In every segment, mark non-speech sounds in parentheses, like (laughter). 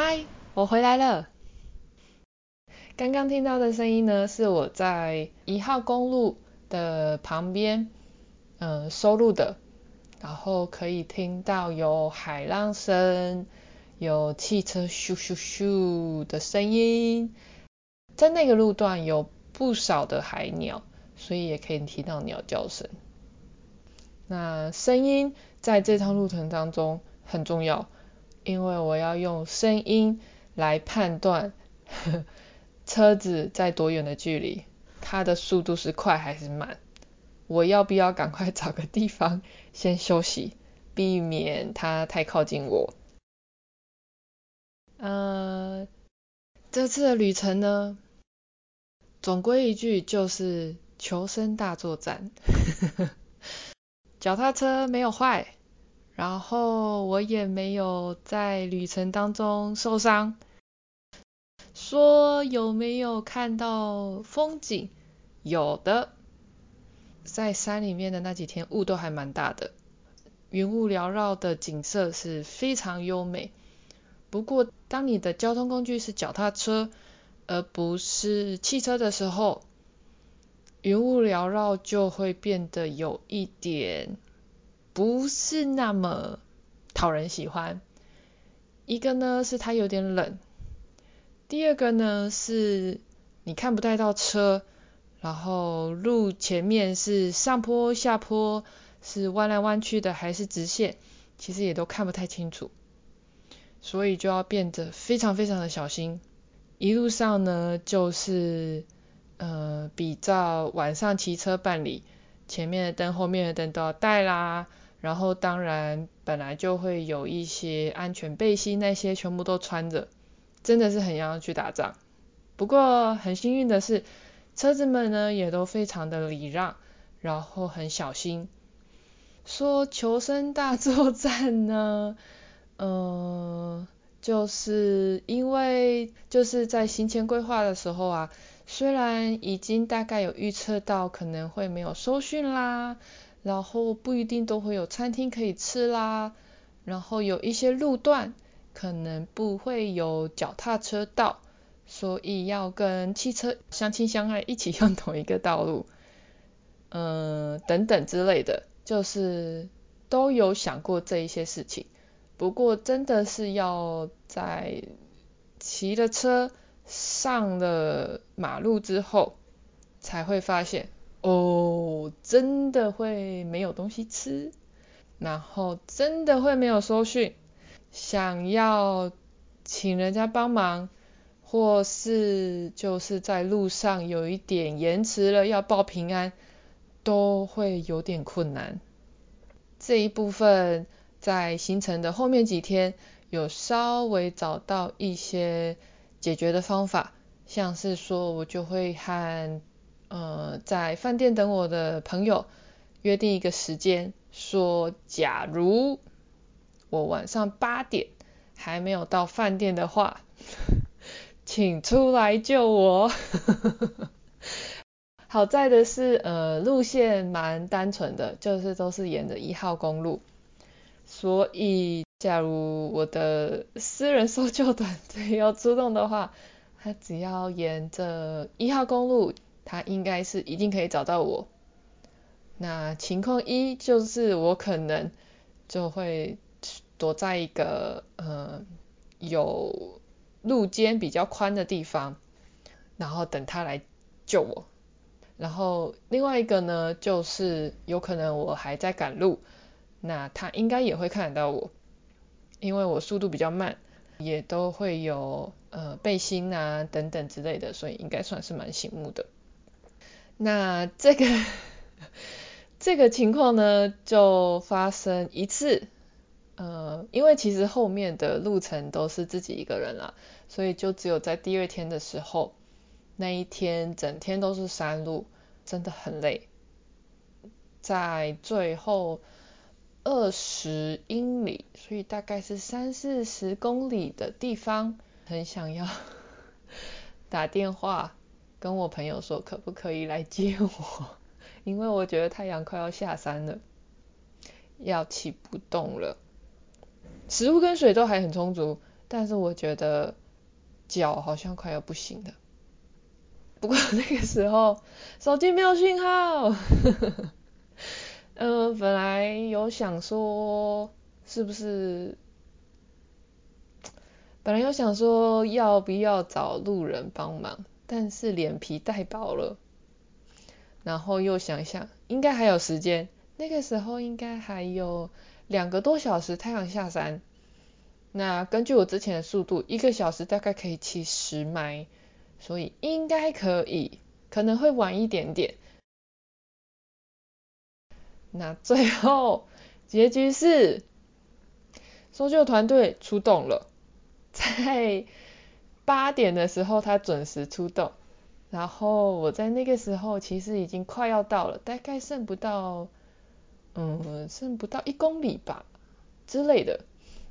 嗨，Hi, 我回來了。剛剛聽到的聲音呢，是我在一號公路的旁邊嗯、呃、收錄的，然後可以聽到有海浪聲，有汽車咻咻咻的聲音。在那個路段有不少的海鳥，所以也可以聽到鳥叫聲。那聲音在這趟路程當中很重要。因為我要用聲音來判斷車子在多遠的距離，它的速度是快還是慢，我要不要趕快找個地方先休息，避免它太靠近我。呃、uh，這次的旅程呢，總歸一句就是求生大作戰。 (laughs) 腳踏車沒有壞。然後我也沒有在旅程當中受傷。說有沒有看到風景？有的，在山裡面的那幾天，霧都還蠻大的，雲霧繚繞的景色是非常優美。不過，當你的交通工具是腳踏車，而不是汽車的時候，雲霧繚繞就會變得有一點。不是那麼討人喜歡。一個呢是它有點冷，第二個呢是你看不太到車，然後路前面是上坡下坡，是彎來彎去的還是直線，其實也都看不太清楚，所以就要變得非常非常的小心。一路上呢就是呃比較晚上騎車辦理。前面的燈、後面的燈都要帶啦，然後當然本來就會有一些安全背心那些，全部都穿着，真的是很要去打仗。不過很幸運的是，車子們呢也都非常的禮讓，然後很小心。說求生大作戰呢，嗯、呃，就是因為就是在行前規劃的時候啊。雖然已經大概有預測到可能會沒有收訊啦，然後不一定都會有餐廳可以吃啦，然後有一些路段可能不會有腳踏車道，所以要跟汽車相親相愛一起用同一個道路，嗯、呃，等等之類的，就是都有想過這一些事情。不過真的是要在騎了車。上了馬路之後，才會發現哦，真的會沒有東西吃，然後真的會沒有收訊，想要請人家幫忙，或是就是在路上有一點延遲了要報平安，都會有點困難。這一部分在行程的後面幾天有稍微找到一些。解決的方法，像是說我就會和呃在飯店等我的朋友約定一個時間，說假如我晚上八點還沒有到飯店的話，請出來救我。 (laughs) 好在的是，呃路線蠻單純的，就是都是沿着一號公路，所以。假如我的私人搜救團隊要出動的話，他只要沿着一號公路，他應該是一定可以找到我。那情況一就是我可能就會躲在一個嗯、呃、有路肩比較寬的地方，然後等他來救我。然後另外一個呢，就是有可能我還在趕路，那他應該也會看到我。因為我速度比較慢，也都會有呃背心啊等等之類的，所以應該算是蠻醒目的。那這個這個情況呢，就發生一次。呃，因為其實後面的路程都是自己一個人啦，所以就只有在第二天的時候，那一天整天都是山路，真的很累。在最後。二十英里，所以大概是三四十公里的地方。很想要打電話跟我朋友說，可不可以來接我？因為我覺得太陽快要下山了，要騎不動了。食物跟水都還很充足，但是我覺得腳好像快要不行了。不過那個時候手機沒有信號。 (laughs) 嗯、呃，本來有想說是不是，本來有想說要不要找路人幫忙，但是臉皮太薄了。然後又想一想，應該還有時間，那個時候應該還有兩個多小時太陽下山。那根據我之前的速度，一個小時大概可以騎十邁，所以應該可以，可能會晚一點點。那最後結局是，搜救團隊出動了，在八點的時候他準時出動，然後我在那個時候其實已經快要到了，大概剩不到，嗯，剩不到一公里吧之類的。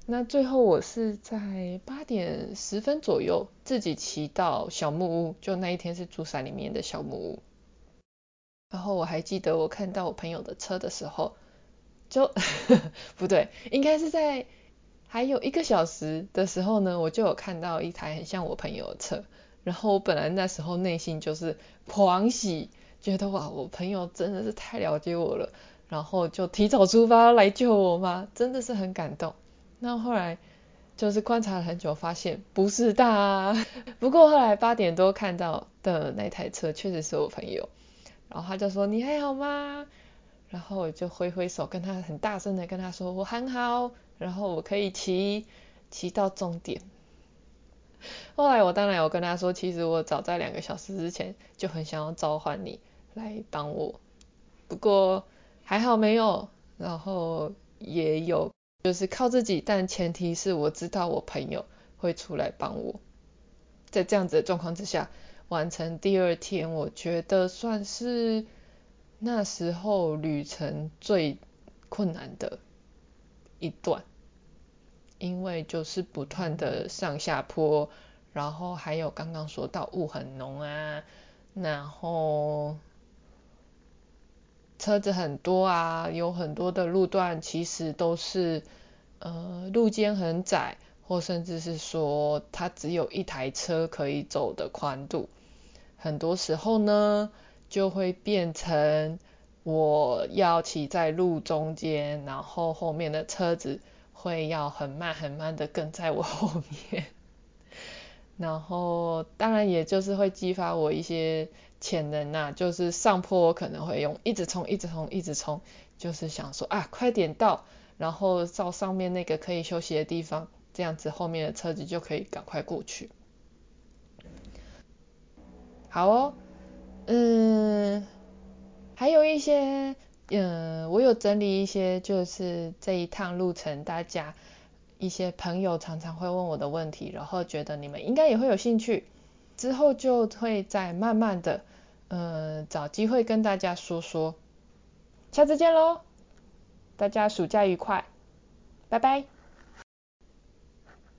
那最後我是在八點十分左右自己騎到小木屋，就那一天是住山裡面的小木屋。然後我還記得，我看到我朋友的車的時候，就呵呵，不對，應該是在還有一個小時的時候呢，我就有看到一台很像我朋友的車。然後我本來那時候內心就是狂喜，覺得哇，我朋友真的是太了解我了，然後就提早出發來救我嘛，真的是很感動。那後來就是觀察了很久，發現不是他啊。不過後來八點多看到的那台車，確實是我朋友。然後他就說：“你還好嗎？”然後我就揮揮手，跟他很大聲的跟他說：“我很好，然後我可以騎，騎到終點。”後來我當然有跟他說，其實我早在兩個小時之前就很想要召喚你來幫我，不過還好沒有。然後也有就是靠自己，但前提是我知道我朋友會出來幫我。在這樣子的狀況之下。完成第二天，我覺得算是那時候旅程最困難的一段，因為就是不斷的上下坡，然後還有剛剛說到霧很濃啊，然後車子很多啊，有很多的路段其實都是呃路肩很窄。或甚至是說，它只有一台車可以走的寬度，很多時候呢，就會變成我要騎在路中間，然後後面的車子會要很慢很慢的跟在我後面。 (laughs) 然後，當然也就是會激發我一些潛能吶、啊，就是上坡我可能會用一直衝，一直衝，一直衝，就是想說啊，快點到，然後到上面那個可以休息的地方。這樣子後面的車子就可以趕快過去。好哦，嗯，還有一些，嗯，我有整理一些，就是這一趟路程，大家一些朋友常常會問我的問題，然後覺得你們應該也會有興趣，之後就會再慢慢的，嗯，找機會跟大家說說。下次見嘍，大家暑假愉快，拜拜。